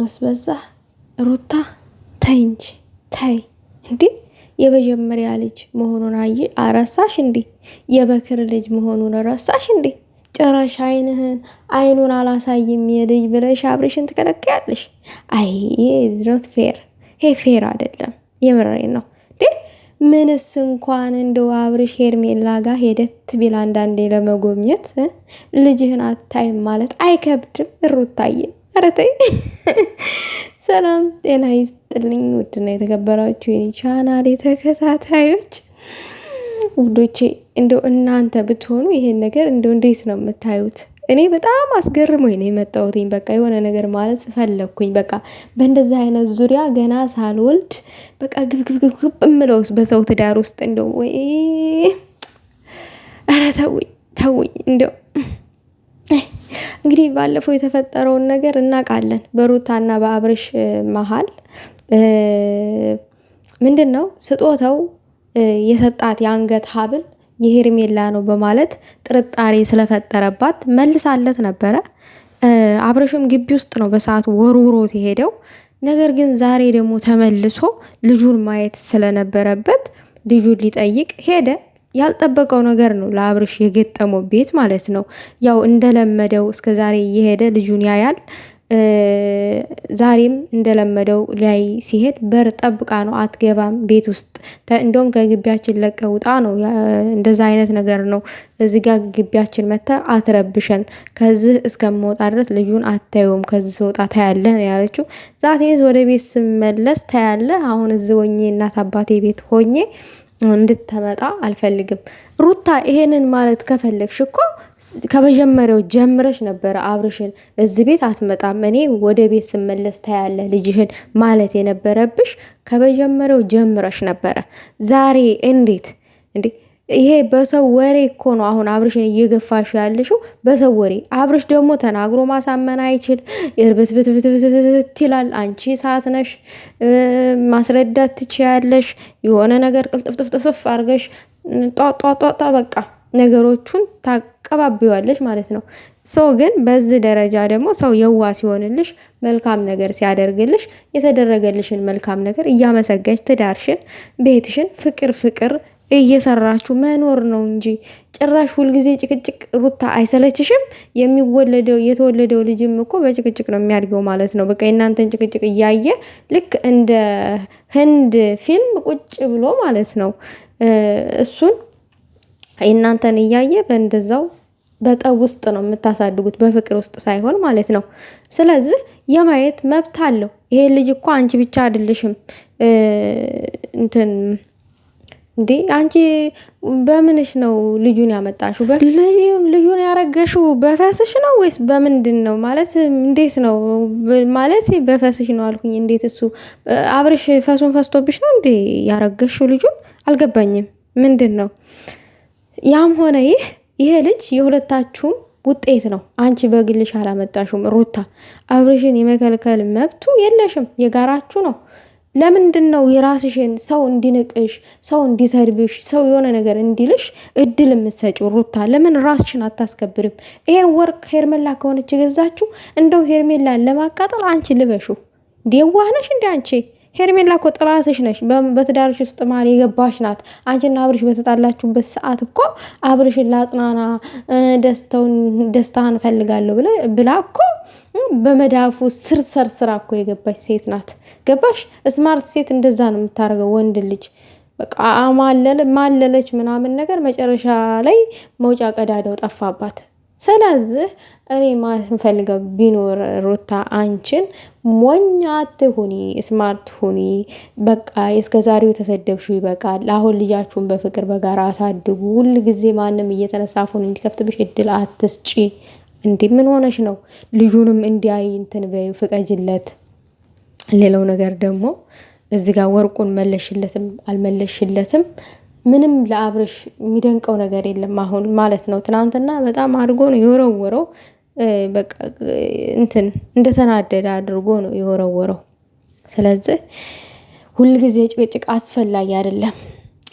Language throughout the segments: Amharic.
መሆኑስ በዛ። ሩታ ተይ እንጂ ተይ እንዴ! የመጀመሪያ ልጅ መሆኑን አይ አረሳሽ እንዴ? የበክር ልጅ መሆኑን ረሳሽ እንዴ? ጭራሽ አይንህን አይኑን አላሳይም የልጅ ብለሽ አብሬሽን ትከለክያለሽ። አይ ኖት ፌር፣ ይሄ ፌር አይደለም። የምሬ ነው ምንስ እንኳን እንደው አብርሽ ሄርሜላ ጋር ሄደት ቢል አንዳንዴ ለመጎብኘት ልጅህን አታይም ማለት አይከብድም ሩታዬ? ኧረ ተይ። ሰላም ጤና ይስጥልኝ። ውድና የተከበራችሁ የኔ ቻናሌ ተከታታዮች ውዶቼ፣ እንደው እናንተ ብትሆኑ ይሄን ነገር እንደው እንዴት ነው የምታዩት? እኔ በጣም አስገርሞኝ ነው የመጣሁትኝ። በቃ የሆነ ነገር ማለት ፈለግኩኝ። በቃ በእንደዛ አይነት ዙሪያ ገና ሳልወልድ በቃ ግብግብግብግብ እምለውስ በሰው ትዳር ውስጥ እንደው ወይ ኧረ ተውኝ ተውኝ እንደው እንግዲህ ባለፈው የተፈጠረውን ነገር እናውቃለን። በሩታና በአብርሽ መሀል ምንድን ነው ስጦታው የሰጣት የአንገት ሀብል የሄርሜላ ነው በማለት ጥርጣሬ ስለፈጠረባት መልሳለት ነበረ። አብርሽም ግቢ ውስጥ ነው በሰዓት ወርውሮት የሄደው። ነገር ግን ዛሬ ደግሞ ተመልሶ ልጁን ማየት ስለነበረበት ልጁን ሊጠይቅ ሄደ። ያልጠበቀው ነገር ነው ለአብርሽ የገጠመው ቤት ማለት ነው። ያው እንደለመደው እስከ ዛሬ እየሄደ ልጁን ያያል። ዛሬም እንደለመደው ላይ ሲሄድ በር ጠብቃ ነው አትገባም ቤት ውስጥ እንደውም ከግቢያችን ለቀ ውጣ ነው። እንደዛ አይነት ነገር ነው እዚህ ጋ ግቢያችን መተ አትረብሸን፣ ከዚህ እስከመውጣ ድረስ ልጁን አታየውም፣ ከዚህ ስወጣ ታያለ ነው ያለችው። ዛትኔት ወደ ቤት ስመለስ ታያለ፣ አሁን እዚ ሆኜ እናት አባቴ ቤት ሆኜ እንድትመጣ አልፈልግም። ሩታ ይሄንን ማለት ከፈለግሽ እኮ ከመጀመሪያው ጀምረሽ ነበረ አብርሽን እዚህ ቤት አትመጣም፣ እኔ ወደ ቤት ስመለስ ታያለ ልጅህን ማለት የነበረብሽ ከመጀመሪያው ጀምረሽ ነበረ። ዛሬ እንዴት እንዴ ይሄ በሰው ወሬ እኮ ነው አሁን አብርሽን እየገፋሽ ያለሽው በሰው ወሬ። አብርሽ ደግሞ ተናግሮ ማሳመን አይችል እርብትብትብትብት ይላል። አንቺ ሰዓት ነሽ፣ ማስረዳት ትችያለሽ። የሆነ ነገር ቅልጥፍጥፍጥፍ አርገሽ ጧጧጧጣ በቃ ነገሮቹን ታቀባቢዋለሽ ማለት ነው። ሰው ግን በዚህ ደረጃ ደግሞ ሰው የዋ ሲሆንልሽ መልካም ነገር ሲያደርግልሽ የተደረገልሽን መልካም ነገር እያመሰገንሽ ትዳርሽን፣ ቤትሽን ፍቅር ፍቅር እየሰራችሁ መኖር ነው እንጂ ጭራሽ ሁልጊዜ ጭቅጭቅ። ሩታ አይሰለችሽም? የሚወለደው የተወለደው ልጅም እኮ በጭቅጭቅ ነው የሚያድገው ማለት ነው። በቃ የእናንተን ጭቅጭቅ እያየ ልክ እንደ ህንድ ፊልም ቁጭ ብሎ ማለት ነው እሱን የእናንተን እያየ በእንደዛው በጠብ ውስጥ ነው የምታሳድጉት፣ በፍቅር ውስጥ ሳይሆን ማለት ነው። ስለዚህ የማየት መብት አለው ይሄ ልጅ እኮ አንቺ ብቻ አይደለሽም እንትን እንዴ አንቺ በምንሽ ነው ልጁን ያመጣሹ? ልጁን ያረገሹ በፈስሽ ነው ወይስ በምንድን ነው? ማለት እንዴት ነው ማለት በፈስሽ ነው አልኩኝ። እንዴት እሱ አብርሽ ፈሱን ፈስቶብሽ ነው እንዴ ያረገሹ ልጁን? አልገባኝም። ምንድን ነው? ያም ሆነ ይህ ይሄ ልጅ የሁለታችሁም ውጤት ነው። አንቺ በግልሽ አላመጣሹም። ሩታ። አብርሽን የመከልከል መብቱ የለሽም፣ የጋራችሁ ነው። ለምንድን ነው የራስሽን ሰው እንዲንቅሽ፣ ሰው እንዲሰርብሽ ሰው የሆነ ነገር እንዲልሽ እድል የምትሰጪው? ሩታ ለምን ራስሽን አታስከብርም? ይሄን ወርቅ ሄርሜላ ከሆነች የገዛችሁ እንደው ሄርሜላን ለማቃጠል አንቺ ልበሹ። የዋህ ነሽ አንቺ ሄርሜላ እኮ ጥራትሽ ነሽ። በትዳርሽ ውስጥ ማር የገባሽ ናት። አንቺና አብርሽ በተጣላችሁበት ሰዓት እኮ አብርሽን ላጽናና ደስተውን ደስታን እፈልጋለሁ ብለ ብላ እኮ በመዳፉ ስር ሰር ስራ እኮ የገባሽ ሴት ናት። ገባሽ? ስማርት ሴት እንደዛ ነው የምታደርገው ወንድ ልጅ በቃ ማለለች ምናምን ነገር መጨረሻ ላይ መውጫ ቀዳዳው ጠፋባት። ስለዚህ እኔ ማለት ቢኖር ሩታ አንቺን ሞኛ አትሁኒ፣ ስማርት ሁኒ። በቃ እስከ ዛሬው ተሰደብሽው ይበቃል። አሁን ልጃችሁን በፍቅር በጋራ አሳድጉ። ሁል ጊዜ ማንም እየተነሳ አፉን እንዲከፍትብሽ እድል አትስጪ። እንዲህ ምን ሆነሽ ነው? ልጁንም እንዲያይ እንትን በይው፣ ፍቀጅለት። ሌላው ነገር ደግሞ እዚህ ጋር ወርቁን መለሽለትም አልመለሽለትም ምንም ለአብርሽ የሚደንቀው ነገር የለም አሁን ማለት ነው። ትናንትና በጣም አድርጎ ነው የወረወረው። በቃ እንትን እንደተናደደ አድርጎ ነው የወረወረው። ስለዚህ ሁልጊዜ ጭቅጭቅ አስፈላጊ አይደለም፣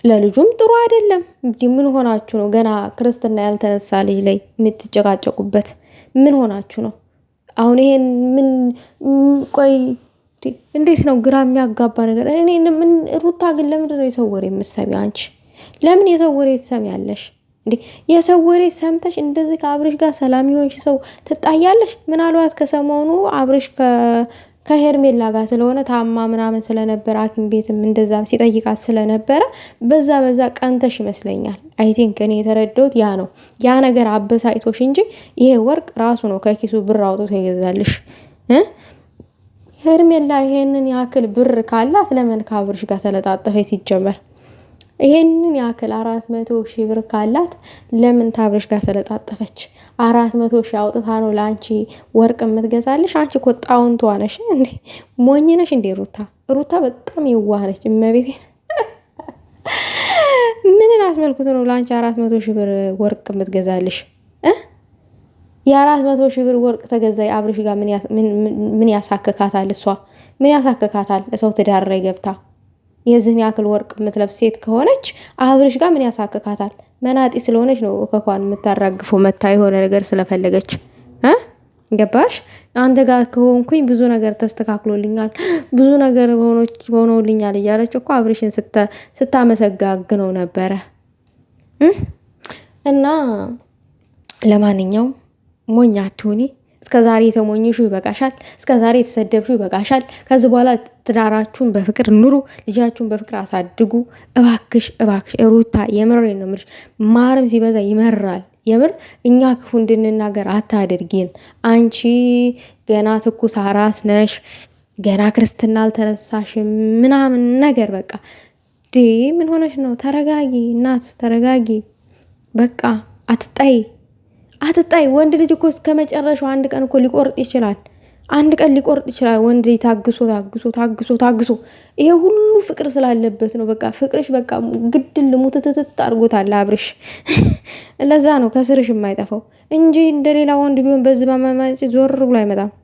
ለልጁም ጥሩ አይደለም። እንዲህ ምን ሆናችሁ ነው ገና ክርስትና ያልተነሳ ልጅ ላይ የምትጨቃጨቁበት? ምን ሆናችሁ ነው አሁን ይሄን ምን ቆይ እንዴት ነው ግራ የሚያጋባ ነገር? እኔ ምን ሩታ ግን ለምንድን ነው የሰው ወሬ አንቺ ለምን የሰው ወሬ ትሰሚያለሽ እንዴ? የሰው ወሬ ሰምተሽ እንደዚህ ከአብርሽ ጋር ሰላም የሆንሽ ሰው ትጣያለሽ? ምናልባት ከሰሞኑ አብርሽ ከሄርሜላ ጋር ስለሆነ ታማ ምናምን ስለነበረ ሐኪም ቤትም እንደዛም ሲጠይቃት ስለነበረ በዛ በዛ ቀንተሽ ይመስለኛል። አይ ቲንክ እኔ የተረዳሁት ያ ነው። ያ ነገር አበሳጭቶሽ እንጂ ይሄ ወርቅ ራሱ ነው ከኪሱ ብር አውጥቶ ይገዛልሽ። ሄርሜላ ይሄንን ያክል ብር ካላት ለምን ካብርሽ ጋር ተለጣጠፈ? ሲጀመር ይሄንን ያክል አራት መቶ ሺ ብር ካላት ለምን ታብረሽ ጋር ተለጣጠፈች? አራት መቶ ሺ አውጥታ ነው ለአንቺ ወርቅ የምትገዛልሽ? አንቺ እኮ ጣውንቷ ነሽ እንዴ? ሞኝ ነሽ እንዴ? ሩታ ሩታ በጣም የዋህነች እመቤቴ። ምንን አስመልክቶ ነው ለአንቺ አራት መቶ ሺ ብር ወርቅ የምትገዛልሽ? የአራት መቶ ሺህ ብር ወርቅ ተገዛ አብርሽ ጋር ምን ያሳክካታል? እሷ ምን ያሳክካታል? ሰው ትዳር ላይ ገብታ የዚህን ያክል ወርቅ የምትለብስ ሴት ከሆነች አብርሽ ጋር ምን ያሳክካታል? መናጢ ስለሆነች ነው እከኳን የምታራግፈው። መታ የሆነ ነገር ስለፈለገች ገባሽ? አንተ ጋር ከሆንኩኝ ብዙ ነገር ተስተካክሎልኛል፣ ብዙ ነገር ሆኖልኛል እያለች እኮ አብርሽን ስታመሰጋግነው ነበረ እና ለማንኛውም ሞኝ አትሁኒ። እስከ ዛሬ የተሞኝሹ ይበቃሻል። እስከ ዛሬ የተሰደብሹ ይበቃሻል። ከዚህ በኋላ ትዳራችሁን በፍቅር ኑሩ፣ ልጃችሁን በፍቅር አሳድጉ። እባክሽ እባክሽ ሩታ የምር ነው የምልሽ። ማርም ሲበዛ ይመራል። የምር እኛ ክፉ እንድንናገር አታደርጊን። አንቺ ገና ትኩስ አራስ ነሽ፣ ገና ክርስትና አልተነሳሽም ምናምን ነገር በቃ ምን ሆነሽ ነው? ተረጋጊ እናት ተረጋጊ። በቃ አትጣይ። አትጣይ። ወንድ ልጅ እኮ እስከ መጨረሻው አንድ ቀን እኮ ሊቆርጥ ይችላል። አንድ ቀን ሊቆርጥ ይችላል። ወንድ ልጅ ታግሶ ታግሶ ታግሶ ታግሶ ይሄ ሁሉ ፍቅር ስላለበት ነው። በቃ ፍቅርሽ በቃ ግድል ሙትትትት አድርጎታል አብርሽ። ለዛ ነው ከስርሽ የማይጠፋው እንጂ እንደሌላ ወንድ ቢሆን በዚህ በማማጽ ዞር ብሎ አይመጣም።